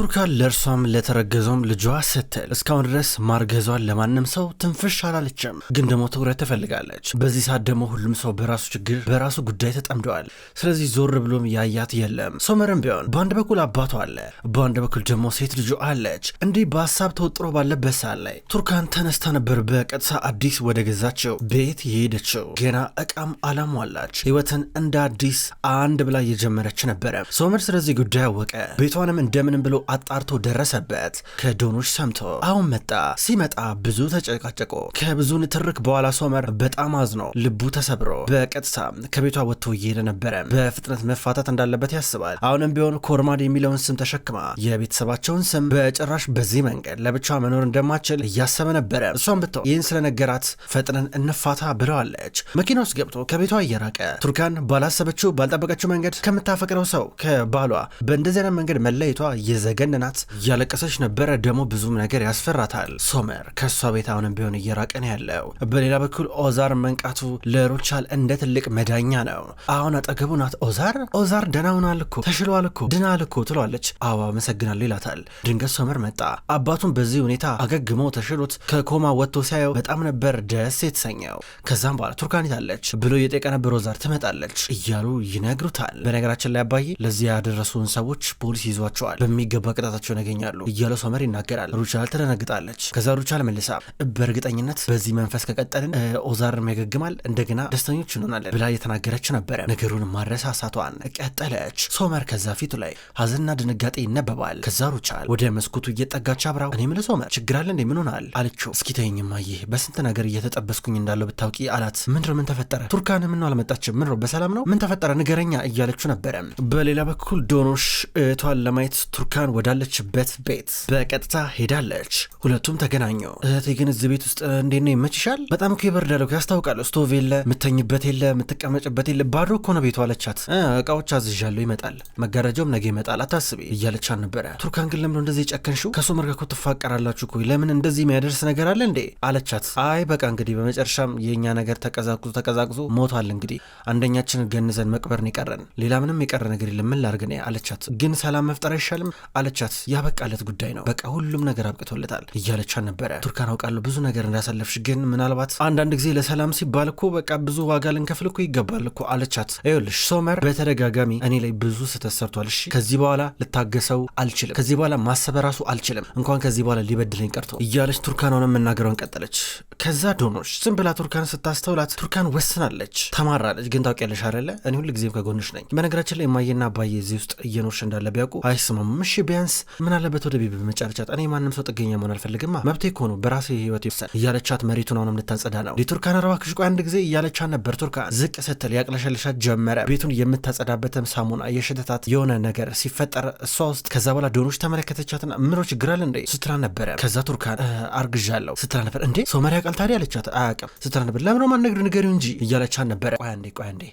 ቱርካን ለእርሷም ለተረገዘውም ልጇ ስትል እስካሁን ድረስ ማርገዟን ለማንም ሰው ትንፍሽ አላለችም፣ ግን ደግሞ ትኩረት ትፈልጋለች። በዚህ ሰዓት ደግሞ ሁሉም ሰው በራሱ ችግር በራሱ ጉዳይ ተጠምደዋል። ስለዚህ ዞር ብሎም ያያት የለም። ሶመርም ቢሆን በአንድ በኩል አባቷ አለ፣ በአንድ በኩል ደግሞ ሴት ልጁ አለች። እንዲህ በሀሳብ ተወጥሮ ባለበት ሰዓት ላይ ቱርካን ተነስታ ነበር በቀጥታ አዲስ ወደ ገዛቸው ቤት የሄደችው። ገና እቃም አላሟላች፣ ህይወትን እንደ አዲስ አንድ ብላ እየጀመረች ነበረ። ሶመር ስለዚህ ጉዳይ አወቀ። ቤቷንም እንደምንም ብሎ አጣርቶ ደረሰበት። ከዶኖች ሰምቶ አሁን መጣ። ሲመጣ ብዙ ተጨቃጨቆ። ከብዙ ንትርክ በኋላ ሶመር በጣም አዝኖ ልቡ ተሰብሮ በቀጥታ ከቤቷ ወጥቶ እየሄደ ነበረ። በፍጥነት መፋታት እንዳለበት ያስባል። አሁንም ቢሆን ኮርማድ የሚለውን ስም ተሸክማ የቤተሰባቸውን ስም በጭራሽ በዚህ መንገድ ለብቻ መኖር እንደማችል እያሰበ ነበረ። እሷም ብትሆን ይህን ስለነገራት ፈጥነን እንፋታ ብለዋለች። መኪና ውስጥ ገብቶ ከቤቷ እየራቀ ቱርካን ባላሰበችው ባልጠበቀችው መንገድ ከምታፈቅረው ሰው ከባሏ በእንደዚህ አይነት መንገድ መለየቷ የዘ ዘገነናት። እያለቀሰች ነበረ። ደግሞ ብዙም ነገር ያስፈራታል። ሶመር ከእሷ ቤት አሁንም ቢሆን እየራቀ ነው ያለው። በሌላ በኩል ኦዛር መንቃቱ ለሩቻል እንደ ትልቅ መዳኛ ነው። አሁን አጠገቡ ናት። ኦዛር ኦዛር ደህና ሆኗል እኮ ተሽሏል እኮ ድናል እኮ ትሏለች። አዎ አመሰግናለሁ ይላታል። ድንገት ሶመር መጣ። አባቱን በዚህ ሁኔታ አገግሞ ተሽሎት ከኮማ ወጥቶ ሲያየው በጣም ነበር ደስ የተሰኘው። ከዛም በኋላ ቱርካኒት አለች ብሎ የጠየቀ ነበር። ኦዛር ትመጣለች እያሉ ይነግሩታል። በነገራችን ላይ አባዬ ለዚህ ያደረሱን ሰዎች ፖሊስ ይዟቸዋል በሚገ በሚገባ ቅጣታቸውን ያገኛሉ እያለ ሶመር ይናገራል። ሩቻል ትደነግጣለች። ከዛ ሩቻል መልሳ በእርግጠኝነት በዚህ መንፈስ ከቀጠልን ኦዛርም ያገግማል፣ እንደገና ደስተኞች እንሆናለን ብላ እየተናገረች ነበረ። ነገሩን ማረሳሳቷን ቀጠለች። ሶመር ከዛ ፊቱ ላይ ሀዘንና ድንጋጤ ይነበባል። ከዛ ሩቻል ወደ መስኮቱ እየጠጋች አብራው እኔ ምለ ሶመር ችግር አለ እንዴ ምን ሆናል አለችው። እስኪ ተይኝማ ይህ በስንት ነገር እየተጠበስኩኝ እንዳለው ብታውቂ አላት። ምንድነው ምን ተፈጠረ? ቱርካን ምን አልመጣችም? ምንድነው በሰላም ነው? ምን ተፈጠረ? ንገረኛ እያለችው ነበረ። በሌላ በኩል ዶኖሽ እህቷን ለማየት ቱርካን ብርቱካን ወዳለችበት ቤት በቀጥታ ሄዳለች። ሁለቱም ተገናኙ። እህቴ ግን እዚህ ቤት ውስጥ እንዴት ነው ይመችሻል? በጣም እኮ ይበርዳል እኮ ያስታውቃል። ስቶቭ የለ፣ የምተኝበት የለ፣ የምትቀመጭበት የለ፣ ባዶ እኮ ነው ቤቱ አለቻት። እቃዎች አዝዣለሁ፣ ይመጣል፣ መጋረጃውም ነገ ይመጣል፣ አታስቢ እያለቻት ነበረ። ቱርካን ግን ለምነው እንደዚህ ጨከንሽው? ከሱ መርካኮ ትፋቀራላችሁ እኮ ለምን እንደዚህ የሚያደርስ ነገር አለ እንዴ አለቻት። አይ በቃ እንግዲህ በመጨረሻም የእኛ ነገር ተቀዛቅዞ ተቀዛቅዞ ሞቷል። እንግዲህ አንደኛችን ገንዘን መቅበርን ይቀረን ሌላ ምንም የቀረ ነገር የለም። ምን አለቻት። ግን ሰላም መፍጠር አይሻልም? አለቻት። ያበቃለት ጉዳይ ነው፣ በቃ ሁሉም ነገር አብቅቶለታል እያለቻት ነበረ። ቱርካን አውቃለሁ ብዙ ነገር እንዳሳለፍሽ፣ ግን ምናልባት አንዳንድ ጊዜ ለሰላም ሲባል እኮ በቃ ብዙ ዋጋ ልንከፍል እኮ ይገባል እኮ አለቻት። ይኸውልሽ ሶመር በተደጋጋሚ እኔ ላይ ብዙ ስህተት ሰርቷል። እሺ ከዚህ በኋላ ልታገሰው አልችልም። ከዚህ በኋላ ማሰብ ራሱ አልችልም፣ እንኳን ከዚህ በኋላ ሊበድለኝ ቀርቶ እያለች ቱርካን መናገሯን ቀጠለች። ከዛ ዶኖች ዝም ብላ ቱርካን ስታስተውላት ቱርካን ወስናለች፣ ተማራለች። ግን ታውቂያለሽ አይደለ እኔ ሁልጊዜም ከጎንሽ ነኝ። በነገራችን ላይ የማየና አባዬ እዚህ ውስጥ እየኖርሽ እንዳለ ቢያውቁ አይስማሙም። እሺ ቢያንስ ምን አለበት ወደ ቤቢ በመጨረሻ እኔ ማንም ሰው ጥገኛ መሆን አልፈልግማ፣ መብቴ ከሆኑ በራሴ ህይወት ይወሰን እያለቻት መሬቱን አሁንም ልታጸዳ ነው። ቱርካን አረባ ክሽቆ አንድ ጊዜ እያለቻት ነበር። ቱርካን ዝቅ ስትል ያቅለሸልሻት ጀመረ። ቤቱን የምታጸዳበትም ሳሙና የሸተታት የሆነ ነገር ሲፈጠር እሷ ውስጥ ከዛ በኋላ ዶኖች ተመለከተቻትና ምኖ ችግር አለ እንዴ ስትላ ነበረ። ከዛ ቱርካን አርግዣለሁ ስትላ ነበር። እንዴ ሰው ሶመር ያውቃል ታዲያ አለቻት። አያውቅም ስትላ ነበር። ለምኖ ማነግዱ ንገሪው እንጂ እያለቻት ነበረ። ቆያ እንዴ ቆያ እንዴ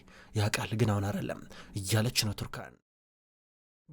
ያውቃል ግን አሁን አይደለም እያለች ነው ቱርካን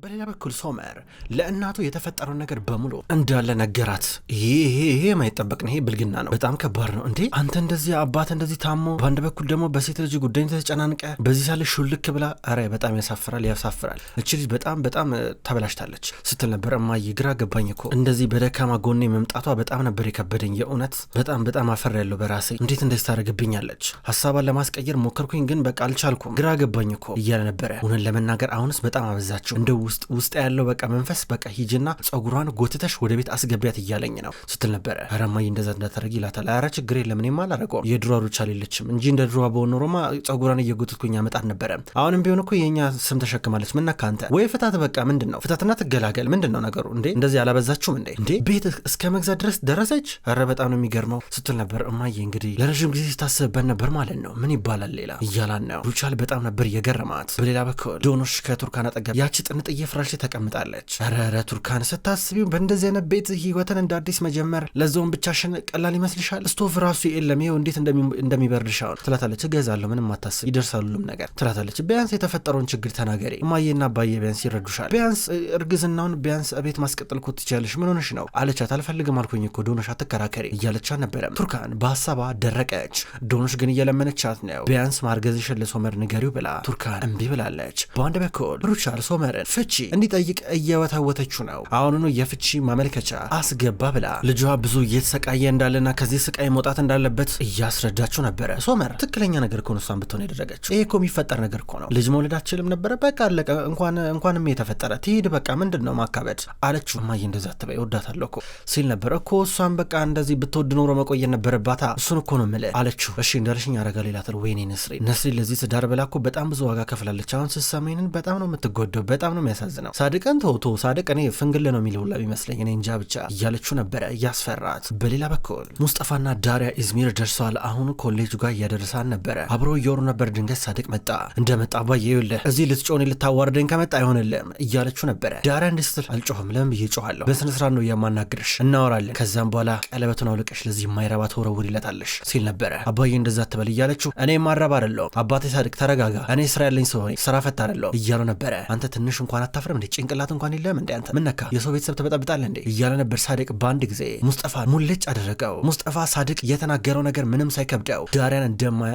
በሌላ በኩል ሶመር ለእናቱ የተፈጠረውን ነገር በሙሉ እንዳለ ነገራት። ይሄ ይሄ የማይጠበቅ ነው። ይሄ ብልግና ነው። በጣም ከባድ ነው። እንዴ አንተ እንደዚህ አባት እንደዚህ ታሞ፣ በአንድ በኩል ደግሞ በሴት ልጅ ጉዳይ ተጨናንቀ፣ በዚህ ሳለ ሹልክ ብላ፣ ኧረ በጣም ያሳፍራል፣ ያሳፍራል። እቺ ልጅ በጣም በጣም ተበላሽታለች ስትል ነበር። እማዬ ግራ ገባኝ እኮ እንደዚህ በደካማ ጎኔ መምጣቷ በጣም ነበር የከበደኝ። የእውነት በጣም በጣም አፈር ያለው በራሴ እንዴት እንደዚህ ታደርግብኛለች። ሀሳቧን ለማስቀየር ሞከርኩኝ፣ ግን በቃ አልቻልኩም። ግራ ገባኝ እኮ እያለ ነበረ። እውነት ለመናገር አሁንስ በጣም አበዛችው እንደ ውስጥ ውስጥ ያለው በቃ መንፈስ በቃ ሂጅና ጸጉሯን ጎትተሽ ወደ ቤት አስገቢያት እያለኝ ነው ስትል ነበረ። ረማይ እንደዛ እንዳታረጊ ይላታል። ኧረ ችግር የለም እኔማ አላረገውም የድሮ ሩቻ ሌለችም እንጂ እንደ ድሮ በሆነ ጸጉሯን እየጎተትኩኝ አመጣት ነበረ። አሁንም ቢሆን እኮ የእኛ ስም ተሸክማለች። ምና ከአንተ ወይ ፍታት በቃ ምንድን ነው ፍታትና ትገላገል ምንድን ነው ነገሩ እንዴ? እንደዚህ አላበዛችሁም እንዴ? እንዴ ቤት እስከ መግዛት ድረስ ደረሰች። ረ በጣም ነው የሚገርመው ስትል ነበር። እማዬ እንግዲህ ለረዥም ጊዜ ስታስብበት ነበር ማለት ነው። ምን ይባላል ሌላ እያላን ነው። ሩቻል በጣም ነበር የገረማት። በሌላ በኩል ዶኖሽ ከቱርካን አጠገብ ያቺ ጥንጥ እየፍራሽ ተቀምጣለች። ረረ ቱርካን ስታስቢው በእንደዚህ አይነት ቤት ህይወትን እንደ አዲስ መጀመር ለዛውን ብቻሽን ቀላል ይመስልሻል? ስቶቭ ራሱ የለም ይኸው እንዴት እንደሚበርድሻው ትላታለች። እገዛለሁ ምንም አታስቢ ይደርሳሉም ነገር ትላታለች። ቢያንስ የተፈጠረውን ችግር ተናገሪ እማዬና አባዬ ቢያንስ ይረዱሻል። ቢያንስ እርግዝናውን ቢያንስ ቤት ማስቀጠል እኮ ትችያለሽ። ምን ሆነሽ ነው አለቻት። አልፈልግም አልኩኝ እኮ ዶኖሽ አትከራከሪ እያለቻ ነበረም። ቱርካን በሀሳቧ ደረቀች። ዶኖሽ ግን እየለመነቻት ነው። ቢያንስ ማርገዝሽን ለሶመር ንገሪው ብላ ቱርካን እምቢ ብላለች። በአንድ በኩል ሩቻል ሶመርን ፍቺ እንዲጠይቅ እየወተወተችው ነው። አሁኑኑ የፍቺ ማመልከቻ አስገባ ብላ ልጇ ብዙ እየተሰቃየ እንዳለና ከዚህ ስቃይ መውጣት እንዳለበት እያስረዳችው ነበረ። ሶመር ትክክለኛ ነገር ከሆነ እሷን ብትሆን ያደረገችው ይሄ እኮ የሚፈጠር ነገር እኮ ነው። ልጅ መውለድ አችልም ነበረ። በቃ አለቀ። እንኳን እንኳንም የተፈጠረ ትሄድ። በቃ ምንድን ነው ማካበድ አለችው። እማዬ እንደዛ ትበይ እወዳታለሁ እኮ ሲል ነበረ እኮ እሷን በቃ እንደዚህ ብትወድ ኖሮ መቆየት ነበረባታ። እሱን እኮ ነው የምልህ አለችው። እሺ እንዳልሽኝ አረጋ ሌላ ትል ወይኔ ነስሪ ነስሪ ለዚህ ትዳር ብላ እኮ በጣም ብዙ ዋጋ ከፍላለች። አሁን ስትሰማኝን በጣም ነው የምትጎደው። በጣም ነው የሚያሳዝነው። ሳድቀን ተውቶ ሳድቅ እኔ ፍንግል ነው የሚል ሁላ ቢመስለኝ እኔ እንጃ ብቻ እያለችው ነበረ እያስፈራት። በሌላ በኩል ሙስጠፋና ዳሪያ ኢዝሚር ደርሰዋል። አሁን ኮሌጅ ጋር እያደረሳን ነበረ። አብረው እየወሩ ነበር። ድንገት ሳድቅ መጣ። እንደመጣ አባዬ ይኸውልህ እዚህ ልትጮኔ ልታዋርደኝ ከመጣ አይሆንልም እያለችው ነበረ። ዳሪያ እንዲህ ስትል አልጮህም፣ ለምን ብዬ ጮኋለሁ? በስነ ነው የማናግርሽ፣ እናወራለን። ከዛም በኋላ ቀለበቱን አውልቀሽ ለዚህ የማይረባ ተወረውሪለታለሽ ሲል ነበረ። አባዬ እንደዛ ትበል እያለችው እኔ ማረባ አይደለሁም አባቴ ሳድቅ ተረጋጋ፣ እኔ ስራ ያለኝ ሰው ስራ ፈት አይደለሁም እያለው ነበረ። አንተ ትንሽ እንኳን እንኳን አታፍረም እንዴ? ጭንቅላት እንኳን የለም እንዴ? አንተ ምን ነካ? የሰው ቤተሰብ ትበጠብጣለህ እንዴ? እያለ ነበር ሳድቅ በአንድ ጊዜ ሙስጠፋ ሙልጭ አደረገው። ሙስጠፋ ሳድቅ የተናገረው ነገር ምንም ሳይከብደው ዳሪያን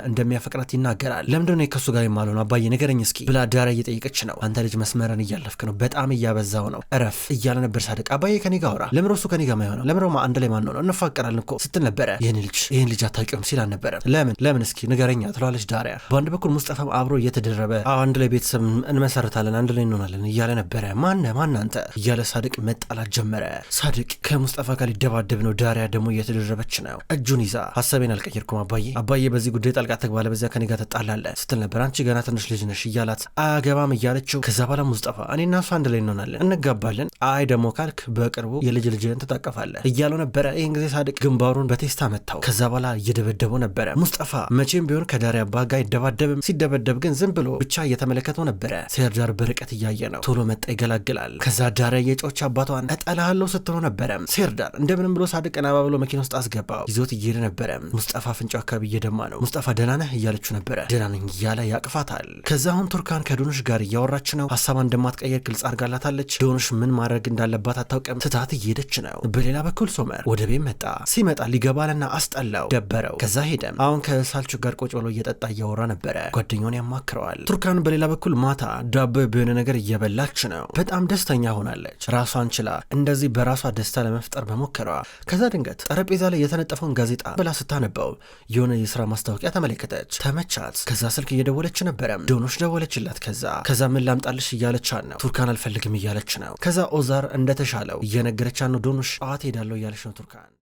እንደሚያፈቅራት ይናገራል። ለምንድነው ከሱ ጋር የማልሆነው አባዬ ንገረኝ እስኪ ብላ ዳሪያ እየጠየቀች ነው። አንተ ልጅ መስመረን እያለፍክ ነው፣ በጣም እያበዛው ነው፣ እረፍ እያለ ነበር ሳድቅ። አባዬ ከኔ ጋር አውራ፣ ለምሮ እሱ ከኔ ጋር ማይሆነው ለምሮ አንድ ላይ ማንሆነው እንፋቀራለን እኮ ስትል ነበረ። ይህን ልጅ ይህን ልጅ አታውቂውም ሲል አልነበረም። ለምን ለምን እስኪ ንገረኛ ትለዋለች ዳሪያ። በአንድ በኩል ሙስጠፋም አብሮ እየተደረበ አንድ ላይ ቤተሰብ እንመሰርታለን፣ አንድ ላይ እንሆናለን እያለ ነበረ። ማነ ማን አንተ እያለ ሳድቅ መጣላት ጀመረ። ሳድቅ ከሙስጠፋ ጋር ሊደባደብ ነው። ዳሪያ ደግሞ እየተደረበች ነው፣ እጁን ይዛ። ሀሳቤን አልቀየርኩም አባዬ፣ አባዬ በዚህ ጉዳይ ጣልቃ ተግባለ፣ በዚያ ከኔ ጋር ተጣላለ ስትል ነበር። አንቺ ገና ትንሽ ልጅ ነሽ እያላት አያገባም እያለችው። ከዛ በኋላ ሙስጠፋ እኔና እሱ አንድ ላይ እንሆናለን፣ እንጋባለን። አይ ደግሞ ካልክ በቅርቡ የልጅ ልጅን ትታቀፋለህ እያለው ነበረ። ይህን ጊዜ ሳድቅ ግንባሩን በቴስታ መታው። ከዛ በኋላ እየደበደበው ነበረ። ሙስጠፋ መቼም ቢሆን ከዳሪያ አባ ጋር አይደባደብም። ሲደበደብ ግን ዝም ብሎ ብቻ እየተመለከተው ነበረ። ሴርዳር በርቀት እያየ ነው። ቶሎ መጣ ይገላግላል። ከዛ ዳረ የጮች አባቷን እጠላለሁ ስትለው ነበረ። ሴርዳር እንደምንም ብሎ ሳድቅ አባ ብሎ መኪና ውስጥ አስገባው። ይዞት እየሄደ ነበረ። ሙስጠፋ ፍንጫ አካባቢ እየደማ ነው። ሙስጠፋ ደህና ነህ እያለችው ነበረ። ደህና ነኝ እያለ ያቅፋታል። ከዛ አሁን ቱርካን ከዶኖሽ ጋር እያወራች ነው። ሀሳቧን እንደማትቀየር ግልጽ አድርጋላታለች። ዶኖሽ ምን ማድረግ እንዳለባት አታውቅም። ትታት እየሄደች ነው። በሌላ በኩል ሶመር ወደ ቤት መጣ። ሲመጣ ሊገባልና አስጠላው፣ ደበረው። ከዛ ሄደም አሁን ከሳልቹ ጋር ቁጭ ብሎ እየጠጣ እያወራ ነበረ። ጓደኛውን ያማክረዋል። ቱርካን በሌላ በኩል ማታ ዳቦ በሆነ ነገር እየበ እየበላች ነው። በጣም ደስተኛ ሆናለች ራሷን ችላ እንደዚህ በራሷ ደስታ ለመፍጠር በሞከሯ። ከዛ ድንገት ጠረጴዛ ላይ የተነጠፈውን ጋዜጣ ብላ ስታነበው የሆነ የስራ ማስታወቂያ ተመለከተች፣ ተመቻት። ከዛ ስልክ እየደወለች ነበረ። ዶኖች ደወለችላት። ከዛ ከዛ ምን ላምጣልሽ እያለቻን ነው። ቱርካን አልፈልግም እያለች ነው። ከዛ ኦዛር እንደተሻለው እየነገረቻት ነው። ዶኖሽ ጠዋት ሄዳለሁ እያለች ነው ቱርካን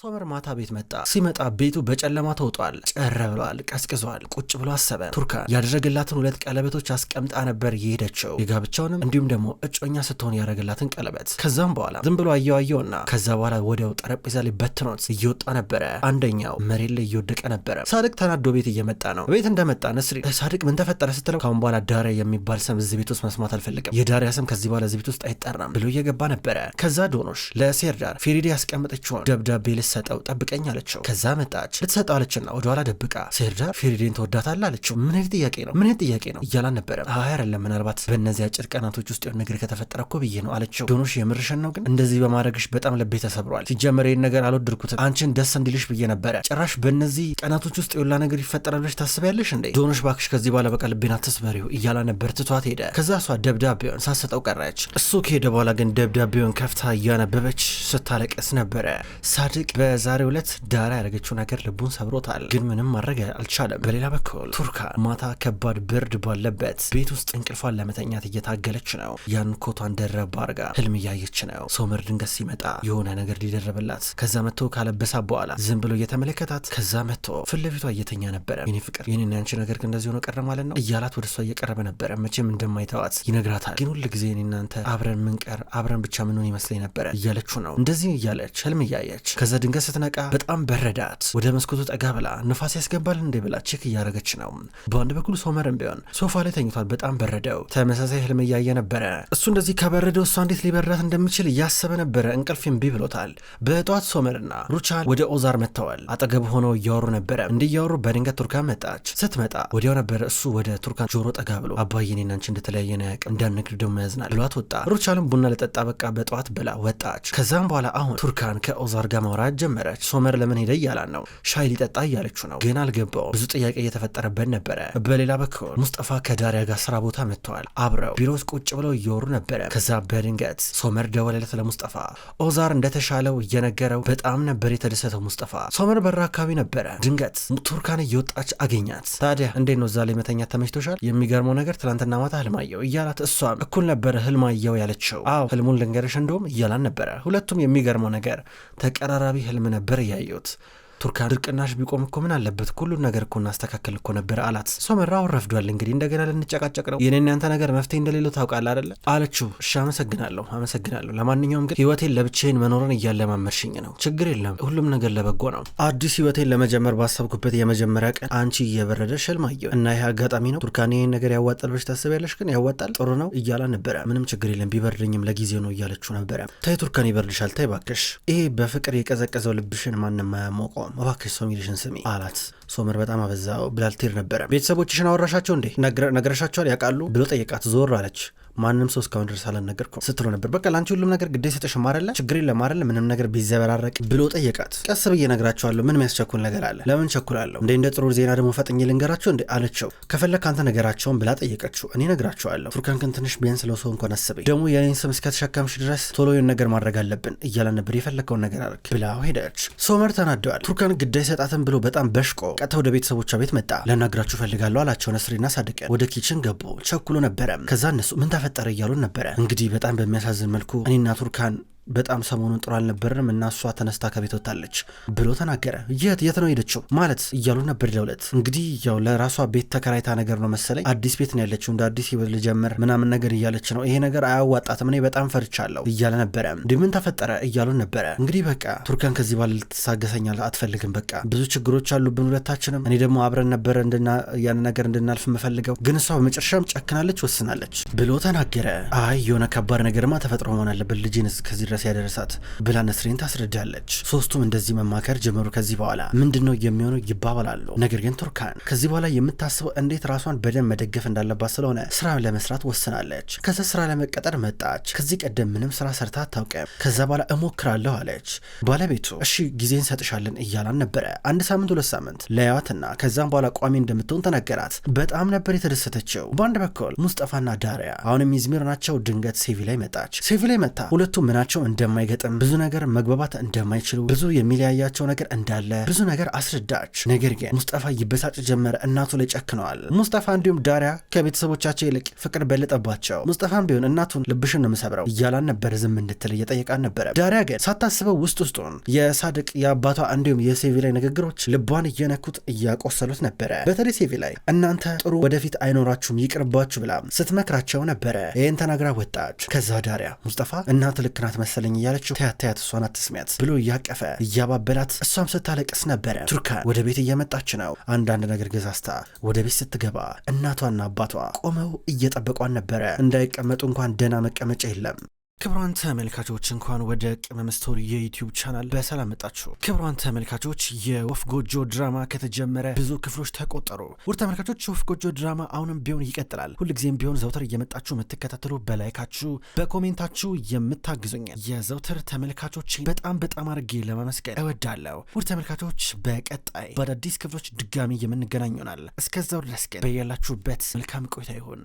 ሶመር ማታ ቤት መጣ። ሲመጣ ቤቱ በጨለማ ተውጧል፣ ጨረ ብሏል፣ ቀዝቅዟል። ቁጭ ብሎ አሰበ። ቱርካን ያደረገላትን ሁለት ቀለበቶች አስቀምጣ ነበር የሄደችው፣ የጋብቻውንም እንዲሁም ደግሞ እጮኛ ስትሆን ያደረገላትን ቀለበት። ከዛም በኋላ ዝም ብሎ አየው አየውና ከዛ በኋላ ወዲያው ጠረጴዛ ላይ በትኖት እየወጣ ነበረ። አንደኛው መሬት ላይ እየወደቀ ነበረ። ሳድቅ ተናዶ ቤት እየመጣ ነው። ቤት እንደመጣ ነስሪ ሳድቅ ምን ተፈጠረ ስትለው ካሁን በኋላ ዳሪያ የሚባል ስም እዚህ ቤት ውስጥ መስማት አልፈልግም፣ የዳሪያ ስም ከዚህ በኋላ እዚህ ቤት ውስጥ አይጠራም ብሎ እየገባ ነበረ። ከዛ ዶኖሽ ለሴርዳር ፌሪዲ ያስቀምጠችውን ደብዳቤ ልሰጠው ጠብቀኝ አለችው። ከዛ መጣች ልትሰጠው አለችና ወደኋላ ደብቃ ሴርዳር ፌሪዴን ተወዳታለ አለችው። ምን አይነት ጥያቄ ነው? ምን አይነት ጥያቄ ነው እያላን ነበረ። አይ አይደለም፣ ምናልባት በእነዚህ አጭር ቀናቶች ውስጥ የሆነ ነገር ከተፈጠረ እኮ ብዬ ነው አለችው። ዶኖሽ የምርሽን ነው? ግን እንደዚህ በማድረግሽ በጣም ልቤ ተሰብሯል። ሲጀመር ይህን ነገር አልወደድኩትም። አንቺን ደስ እንዲልሽ ብዬ ነበረ። ጭራሽ በእነዚህ ቀናቶች ውስጥ የላ ነገር ይፈጠራል ብለሽ ታስቢያለሽ እንዴ? ዶኖሽ ባክሽ ከዚህ በኋላ በቃ ልቤን አትስበሪው እያላ ነበር። ትቷት ሄደ። ከዛ እሷ ደብዳቤውን ሳሰጠው ቀረች። እሱ ከሄደ በኋላ ግን ደብዳቤውን ከፍታ እያነበበች ስታለቀስ ነበረ። ሳድቅ በዛሬው ዕለት ዳራ ያደረገችው ነገር ልቡን ሰብሮታል፣ ግን ምንም ማድረግ አልቻለም። በሌላ በኩል ቱርካ ማታ ከባድ ብርድ ባለበት ቤት ውስጥ እንቅልፏን ለመተኛት እየታገለች ነው። ያን ኮቷን ደረብ አርጋ ህልም እያየች ነው። ሶመር ድንገት ሲመጣ የሆነ ነገር ሊደረብላት ከዛ መጥቶ ካለበሳ በኋላ ዝም ብሎ እየተመለከታት ከዛ መጥቶ ፊት ለፊቷ እየተኛ ነበረ። የኔ ፍቅር የኔና ያንቺ ነገር እንደዚህ ሆኖ ቀረ ማለት ነው እያላት ወደ እሷ እየቀረበ ነበረ። መቼም እንደማይተዋት ይነግራታል። ግን ሁል ጊዜ እኔ እናንተ አብረን ምንቀር አብረን ብቻ ምንሆን ይመስለኝ ነበረ እያለችው ነው። እንደዚህ እያለች ህልም እያየች ከዛ ድንገት ስትነቃ በጣም በረዳት። ወደ መስኮቱ ጠጋ ብላ ንፋስ ያስገባል እንዴ ብላ ቼክ እያደረገች ነው። በአንድ በኩል ሶመርም ቢሆን ሶፋ ላይ ተኝቷል። በጣም በረደው። ተመሳሳይ ህልም እያየ ነበረ። እሱ እንደዚህ ከበረደው እሷ እንዴት ሊበረዳት እንደሚችል እያሰበ ነበረ። እንቅልፍ እምቢ ብሎታል። በጠዋት ሶመርና ሩቻል ወደ ኦዛር መጥተዋል። አጠገብ ሆነው እያወሩ ነበረ። እንዲህ እያወሩ በድንገት ቱርካን መጣች። ስትመጣ ወዲያው ነበረ እሱ ወደ ቱርካን ጆሮ ጠጋ ብሎ አባዬ እኔና አንቺ እንደተለያየን አያውቅም እንዳንግድ ደግሞ ያዝናል ብሏት ወጣ። ሩቻልም ቡና ለጠጣ በቃ በጠዋት ብላ ወጣች። ከዛም በኋላ አሁን ቱርካን ከኦዛር ጋር ማውራት ማውራት ጀመረች። ሶመር ለምን ሄደ እያላን ነው። ሻይ ሊጠጣ እያለችው ነው፣ ግን አልገባውም። ብዙ ጥያቄ እየተፈጠረበት ነበረ። በሌላ በኩል ሙስጠፋ ከዳሪያ ጋር ስራ ቦታ መጥተዋል። አብረው ቢሮ ውስጥ ቁጭ ብለው እየወሩ ነበረ። ከዛ በድንገት ሶመር ደወለለት ለሙስጠፋ። ኦዛር እንደተሻለው እየነገረው በጣም ነበር የተደሰተው ሙስጠፋ። ሶመር በራ አካባቢ ነበረ። ድንገት ቱርካን እየወጣች አገኛት። ታዲያ እንዴት ነው እዛ ላይ መተኛት ተመችቶሻል? የሚገርመው ነገር ትናንትና ማታ ህልማየው እያላት እሷም እኩል ነበረ ህልማየው ያለችው። አዎ ህልሙን ልንገርሽ እንደውም እያላን ነበረ። ሁለቱም የሚገርመው ነገር ተቀራራቢ ህልም ነበር ያየሁት። ቱርክ ድርቅናሽ ቢቆም እኮ ምን አለበት ሁሉን ነገር እኮ እናስተካከል እኮ ነበር አላት። ሶመር አሁን ረፍዷል እንግዲህ እንደገና ልንጨቃጨቅ ነው። የኔ እናንተ ነገር መፍትሄ እንደሌለው ታውቃለህ አይደለ አለችው። እሺ አመሰግናለሁ፣ አመሰግናለሁ። ለማንኛውም ግን ህይወቴን ለብቻዬን መኖርን እያለማመድሽኝ ነው። ችግር የለም ሁሉም ነገር ለበጎ ነው። አዲስ ህይወቴን ለመጀመር ባሰብኩበት የመጀመሪያ ቀን አንቺ እየበረደ ሸልማየሁ እና ይህ አጋጣሚ ነው። ቱርካን ይህን ነገር ያዋጣል ብለሽ ታስቢያለሽ? ግን ያዋጣል ጥሩ ነው እያላ ነበረ። ምንም ችግር የለም ቢበርድኝም ለጊዜው ነው እያለችው ነበረ። ተይ ቱርካን ይበርድሻል፣ ተይ ባክሽ። ይሄ በፍቅር የቀዘቀዘው ልብሽን ማንም አያሞቀውም። እባክሽ ሶሚልሽን ስሚ አላት። ሶመር በጣም አበዛው ብላልቴር ነበረ። ቤተሰቦችሽን አወራሻቸው እንዴ? ነግረሻቸዋል? ያውቃሉ ብሎ ጠየቃት። ዞር አለች። ማንም ሰው እስካሁን ድረስ አላነገርኩም ስትሎ ነበር። በቃ ለአንቺ ሁሉም ነገር ግዴ ሰጠሽም ማረለ ችግር የለም አይደለ ምንም ነገር ቢዘበራረቅ ብሎ ጠየቃት። ቀስ ብዬ ነግራቸዋለሁ፣ ምን የሚያስቸኩል ነገር አለ? ለምን ቸኩላለሁ? እንደ እንደ ጥሩ ዜና ደግሞ ፈጥኝ ልንገራቸው እንዴ አለችው። ከፈለግ ከአንተ ነገራቸውን ብላ ጠየቀችው። እኔ ነግራቸዋለሁ። ፉርካን ግን ትንሽ ቢያንስ ለሰው እንኳን አስበኝ፣ ደግሞ የኔን ስም እስከተሸከምሽ ድረስ ቶሎ ይሁን ነገር ማድረግ አለብን እያለ ነበር። የፈለግከውን ነገር አድርግ ብላው ሄደች። ሶመር ተናደዋል። ፉርካን ግድ አይሰጣትም ብሎ በጣም በሽቆ ቀጥታ ወደ ቤተሰቦቿ ቤት መጣ። ለናግራችሁ ፈልጋለሁ አላቸው። ነስሪና ሳድቀን ወደ ኪችን ገቡ። ቸኩሎ ነበረም። ከዛ እነሱ ምን ተፈጠረ እያሉን ነበረ። እንግዲህ በጣም በሚያሳዝን መልኩ እኔና ቱርካን በጣም ሰሞኑን ጥሩ አልነበረም እና እሷ ተነስታ ከቤት ወጣለች ብሎ ተናገረ። የት የት ነው ሄደችው ማለት እያሉ ነበር ለሁለት እንግዲህ ያው ለራሷ ቤት ተከራይታ ነገር ነው መሰለኝ አዲስ ቤት ነው ያለችው እንደ አዲስ ህይወት ልጀምር ምናምን ነገር እያለች ነው። ይሄ ነገር አያዋጣትም እኔ በጣም ፈርቻለሁ እያለ ነበረ። እንዲህ ምን ተፈጠረ እያሉ ነበረ። እንግዲህ በቃ ቱርካን ከዚህ ባለ ልትሳገሰኛል አትፈልግም። በቃ ብዙ ችግሮች አሉብን ሁለታችንም። እኔ ደግሞ አብረን ነበረ እንድና ያን ነገር እንድናልፍ የምፈልገው ግን እሷ በመጨረሻም ጨክናለች፣ ወስናለች ብሎ ተናገረ። አይ የሆነ ከባድ ነገርማ ተፈጥሮ መሆን አለበት ልጅን ከዚህ ድረስ ያደረሳት ብላ ነስሬን ታስረዳለች። ሶስቱም እንደዚህ መማከር ጀመሩ። ከዚህ በኋላ ምንድን ነው የሚሆነው ይባባላሉ። ነገር ግን ቱርካን ከዚህ በኋላ የምታስበው እንዴት ራሷን በደንብ መደገፍ እንዳለባት ስለሆነ ስራ ለመስራት ወስናለች። ከዛ ስራ ለመቀጠር መጣች። ከዚህ ቀደም ምንም ስራ ሰርታ አታውቅም። ከዛ በኋላ እሞክራለሁ አለች። ባለቤቱ እሺ ጊዜ እንሰጥሻለን እያላን ነበረ። አንድ ሳምንት ሁለት ሳምንት ለያዋትና ከዛም በኋላ ቋሚ እንደምትሆን ተነገራት። በጣም ነበር የተደሰተችው። በአንድ በኩል ሙስጠፋና ዳሪያ አሁንም ኢዝሚር ናቸው። ድንገት ሴቪ ላይ መጣች። ሴቪ ላይ መታ ሁለቱ ምናቸው እንደማይገጥም ብዙ ነገር መግባባት እንደማይችሉ ብዙ የሚለያያቸው ነገር እንዳለ ብዙ ነገር አስረዳች። ነገር ግን ሙስጠፋ ይበሳጭ ጀመረ። እናቱ ላይ ጨክነዋል። ሙስጠፋ እንዲሁም ዳሪያ ከቤተሰቦቻቸው ይልቅ ፍቅር በለጠባቸው። ሙስጠፋን ቢሆን እናቱን ልብሽን ነው የምሰብረው እያላን ነበር፣ ዝም እንድትል እየጠየቃን ነበረ። ዳሪያ ግን ሳታስበው ውስጥ ውስጡን የሳድቅ የአባቷ እንዲሁም የሴቪ ላይ ንግግሮች ልቧን እየነኩት እያቆሰሉት ነበረ። በተለይ ሴቪ ላይ እናንተ ጥሩ ወደፊት አይኖራችሁም ይቅርባችሁ ብላም ስትመክራቸው ነበረ። ይህን ተናግራ ወጣች። ከዛ ዳሪያ ሙስጠፋ እናት ልክናት መስ መሰለኝ እያለችው ተያት ተያት፣ እሷን አትስሚያት ብሎ እያቀፈ እያባበላት፣ እሷም ስታለቅስ ነበረ። ቱርካን ወደ ቤት እየመጣች ነው። አንዳንድ ነገር ገዛዝታ ወደ ቤት ስትገባ እናቷና አባቷ ቆመው እየጠበቋን ነበረ። እንዳይቀመጡ እንኳን ደህና መቀመጫ የለም። ክብሯን ተመልካቾች እንኳን ወደ ቅመም ስቶሪ የዩቲዩብ ቻናል በሰላም መጣችሁ። ክብሯን ተመልካቾች የወፍ ጎጆ ድራማ ከተጀመረ ብዙ ክፍሎች ተቆጠሩ። ውድ ተመልካቾች ወፍ ጎጆ ድራማ አሁንም ቢሆን ይቀጥላል። ሁልጊዜም ቢሆን ዘውትር እየመጣችሁ የምትከታተሉ በላይካችሁ፣ በኮሜንታችሁ የምታግዙኝ የዘውትር ተመልካቾች በጣም በጣም አድርጌ ለማመስገን እወዳለሁ። ውድ ተመልካቾች በቀጣይ በአዳዲስ ክፍሎች ድጋሚ የምንገናኝ ይሆናል። እስከዛው ድረስ ግን በያላችሁበት መልካም ቆይታ ይሁን።